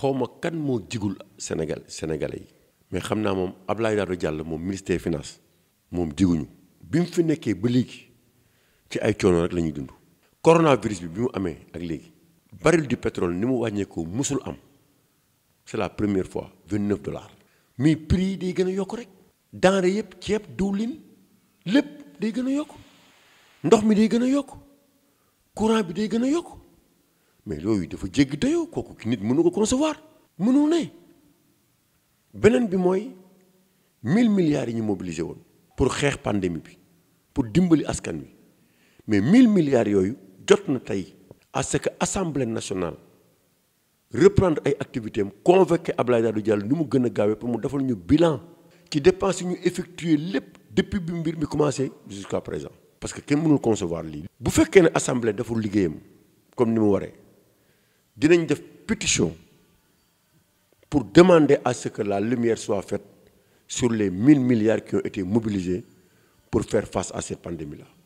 xawma kan moo jigul Sénégal sénégalais yi mais xam naa moom Abdoulaye Daouda jàll moom ministre des moom jiguñu bi mu fi nekkee ba léegi ci ay coono rek lañuy ñuy dund. coronavirus bi bi mu amee ak léegi baril du pétrole ni mu wàññeekoo mosul am c'est la première fois vingt neuf dollars. mais prix yi day gën a yokk rek. denrée yëpp ceeb diwlin lépp day gën a yokk ndox mi day gën a yokk courant bi day gën a yokk. mais yooyu dafa jéggi dayoo kooku ki nit mënu ko concevoir mënul ne beneen bi mooy mille milliards yi ñu mobilisé woon pour xeex pandémie bi pour dimbali askan wi mais mille milliards yooyu jot na tey à ce que assemblée nationale reprendre ay activités am convoqué Abdoulaye Daouda Diallo ni mu gën a gaawee pour mu defal ñu bilan ci dépense yi ñu effectué lépp depuis bi mbir mi commencé jusqu'à présent parce que kenn mënul concevoir lii bu fekkee ne assemblée deful liggéeyam comme ni mu waree dinañ def pétition pour demander à ce la lumière soit faite sur les mille milliards qui ont été mobilisés pour faire face à cette pandémie-là